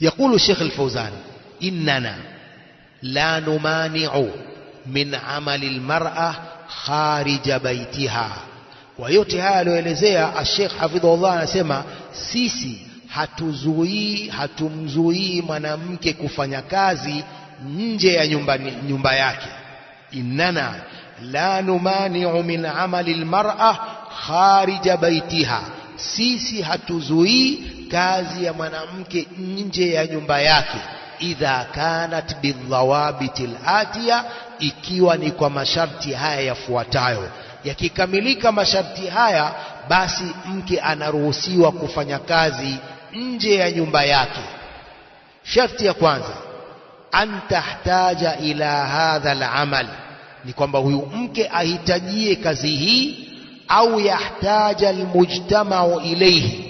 يقول الشيخ الفوزان إننا لا نمانع من عمل المرأة خارج بيتها kwa yote haya aliyoelezea Sheikh Hafidhullah anasema sisi hatuzuii hatumzuii mwanamke kufanya kazi nje ya nyumba, nyumba yake innana la numaniu min amali lmara kharija baitiha sisi hatuzuii kazi ya mwanamke nje ya nyumba yake idha kanat bidhawabitil latiya, ikiwa ni kwa masharti haya yafuatayo. Yakikamilika masharti haya, basi mke anaruhusiwa kufanya kazi nje ya nyumba yake. Sharti ya kwanza, an tahtaja ila hadha al-amal, ni kwamba huyu mke ahitajie kazi hii, au yahtaja almujtamau ilayhi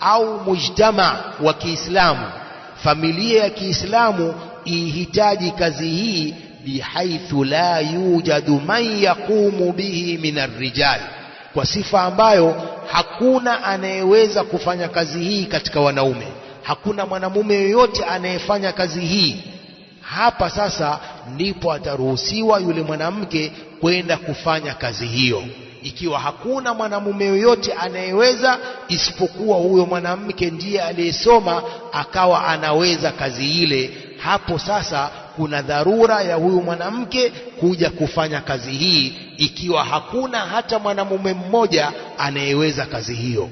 au mujtama wa Kiislamu, familia ya Kiislamu ihitaji kazi hii, bihaithu la yujadu man yaqumu bihi min arrijal, kwa sifa ambayo hakuna anayeweza kufanya kazi hii katika wanaume. Hakuna mwanamume yoyote anayefanya kazi hii. Hapa sasa ndipo ataruhusiwa yule mwanamke kwenda kufanya kazi hiyo ikiwa hakuna mwanamume yoyote anayeweza isipokuwa huyo mwanamke ndiye aliyesoma akawa anaweza kazi ile, hapo sasa kuna dharura ya huyu mwanamke kuja kufanya kazi hii, ikiwa hakuna hata mwanamume mmoja anayeweza kazi hiyo.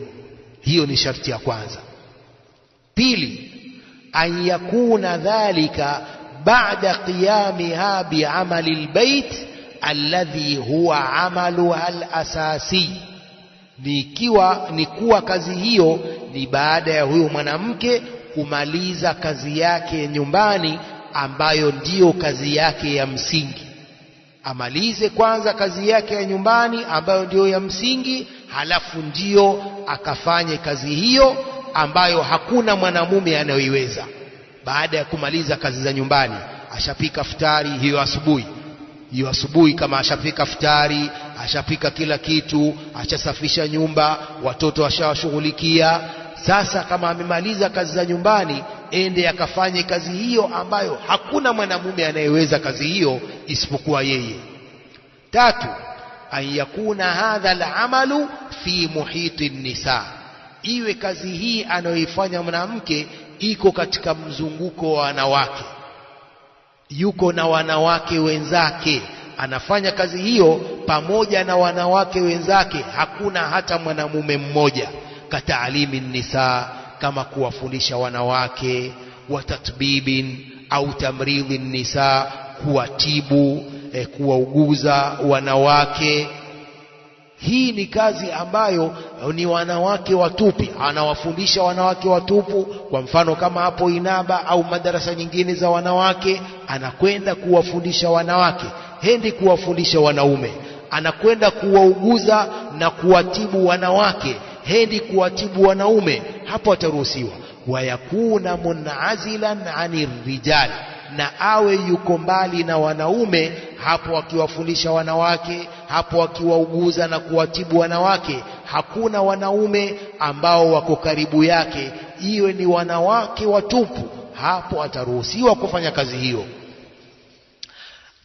Hiyo ni sharti ya kwanza. Pili, an yakuna dhalika ba'da qiyamiha bi'amali lbait alladhi huwa amaluha alasasi, nikiwa ni kuwa kazi hiyo ni baada ya huyo mwanamke kumaliza kazi yake nyumbani, ambayo ndiyo kazi yake ya msingi. Amalize kwanza kazi yake ya nyumbani ambayo ndiyo ya msingi, halafu ndiyo akafanye kazi hiyo ambayo hakuna mwanamume anayoiweza. Baada ya kumaliza kazi za nyumbani, ashapika futari hiyo asubuhi hiyo asubuhi, kama ashapika futari, ashapika kila kitu, ashasafisha nyumba, watoto ashawashughulikia. Sasa kama amemaliza kazi za nyumbani, ende akafanye kazi hiyo ambayo hakuna mwanamume anayeweza kazi hiyo isipokuwa yeye. Tatu, anyakuna hadha alamalu fi muhiti nisa, iwe kazi hii anayoifanya mwanamke iko katika mzunguko wa wanawake yuko na wanawake wenzake, anafanya kazi hiyo pamoja na wanawake wenzake, hakuna hata mwanamume mmoja. Kataalimi nisa, kama kuwafundisha wanawake, wa tatbibin au tamridhi nisa, kuwatibu eh, kuwauguza wanawake hii ni kazi ambayo ni wanawake watupi, anawafundisha wanawake watupu. Kwa mfano kama hapo Inaba au madarasa nyingine za wanawake, anakwenda kuwafundisha wanawake, hendi kuwafundisha wanaume. Anakwenda kuwauguza na kuwatibu wanawake, hendi kuwatibu wanaume. Hapo ataruhusiwa wayakuna munazilan ani na awe yuko mbali na wanaume, hapo akiwafundisha wanawake, hapo akiwauguza na kuwatibu wanawake. Hakuna wanaume ambao wako karibu yake, iwe ni wanawake watupu, hapo ataruhusiwa kufanya kazi hiyo,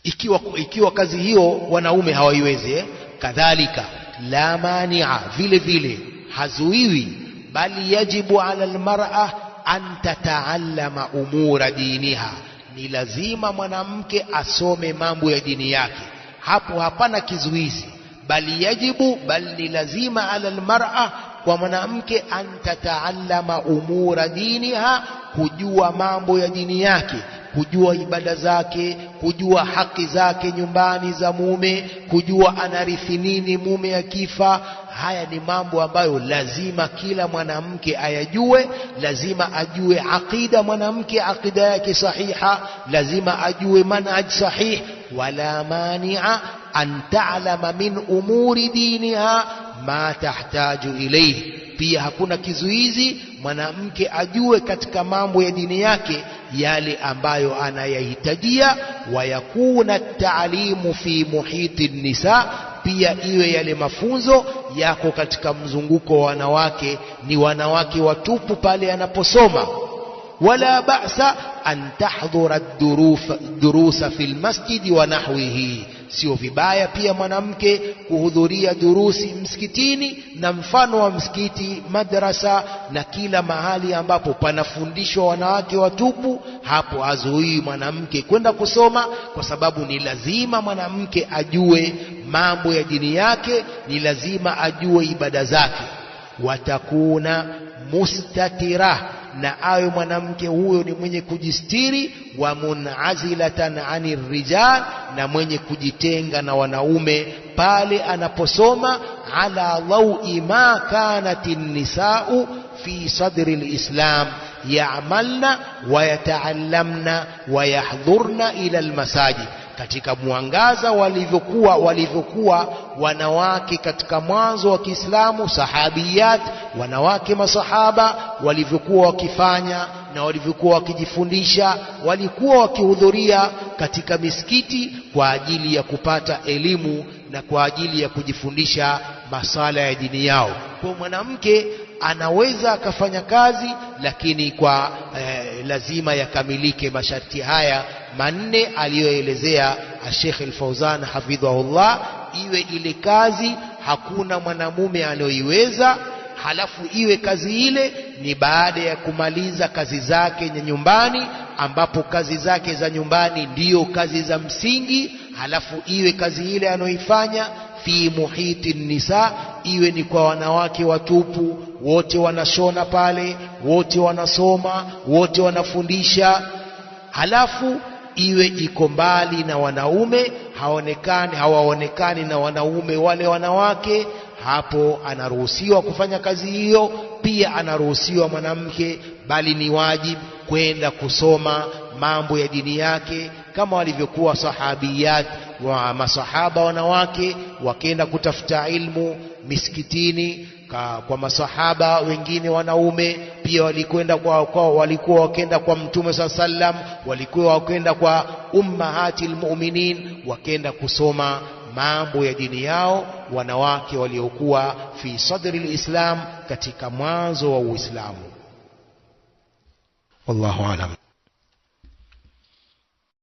ikiwa, ikiwa kazi hiyo wanaume hawaiwezi eh? Kadhalika la mania, vile vile hazuiwi, bali yajibu ala almar'a an tataallama umura diniha ni lazima mwanamke asome mambo ya dini yake, hapo hapana kizuizi, bali yajibu, bali ni lazima ala almar'a, kwa mwanamke an tataallama umura diniha, kujua mambo ya dini yake kujua ibada zake, kujua haki zake nyumbani za mume, kujua anarithi nini mume akifa. Haya ni mambo ambayo lazima kila mwanamke ayajue. Lazima ajue aqida mwanamke, aqida yake sahiha, lazima ajue manhaj sahih. Wala mania an ta'lama min umuri diniha ma tahtaju ilayhi Pia hakuna kizuizi mwanamke ajue katika mambo ya dini yake yale ambayo anayahitajia. Wayakuna taalimu fi muhiti nisa, pia iwe yale mafunzo yako katika mzunguko wa wanawake, ni wanawake watupu pale anaposoma. Wala ba'sa an tahdhura durusa fi lmasjidi wa nahwihi Sio vibaya pia mwanamke kuhudhuria durusi msikitini na mfano wa msikiti, madrasa na kila mahali ambapo panafundishwa wanawake watupu, hapo azuii mwanamke kwenda kusoma, kwa sababu ni lazima mwanamke ajue mambo ya dini yake, ni lazima ajue ibada zake. Watakuna mustatira na awe mwanamke huyo ni mwenye kujistiri, wa munazilatan ani rijal, na mwenye kujitenga na wanaume pale anaposoma ala laui ma kanat nisau fi sadri lislam yamalna wa wayahdhurna ila lmasajid katika mwangaza walivyokuwa walivyokuwa wanawake katika mwanzo wa Kiislamu, sahabiyat, wanawake masahaba walivyokuwa wakifanya na walivyokuwa wakijifundisha, walikuwa wakihudhuria katika misikiti kwa ajili ya kupata elimu na kwa ajili ya kujifundisha masala ya dini yao. Kwa mwanamke anaweza akafanya kazi lakini kwa eh, lazima yakamilike masharti haya manne aliyoelezea Sheikh Al-Fauzan hafidhahullah, iwe ile kazi hakuna mwanamume anayoiweza, halafu iwe kazi ile ni baada ya kumaliza kazi zake nyumbani, ambapo kazi zake za nyumbani ndiyo kazi za msingi, halafu iwe kazi ile anayoifanya fi muhiti nisa, iwe ni kwa wanawake watupu wote, wanashona pale, wote wanasoma, wote wanafundisha, halafu iwe iko mbali na wanaume, haonekani hawaonekani na wanaume wale wanawake, hapo anaruhusiwa kufanya kazi hiyo. Pia anaruhusiwa mwanamke, bali ni wajibu kwenda kusoma mambo ya dini yake kama walivyokuwa sahabiyat wa masahaba wanawake, wakenda kutafuta ilmu misikitini kwa, ah, kwa masahaba wengine wanaume pia walikwenda kwa, kwa, walikuwa wakenda kwa mtume saa sallam, walikuwa wakenda kwa ummahati lmuminin, wakenda kusoma mambo ya dini yao wanawake waliokuwa fi sadri lislam, katika mwanzo wa Uislamu. Wallahu alam.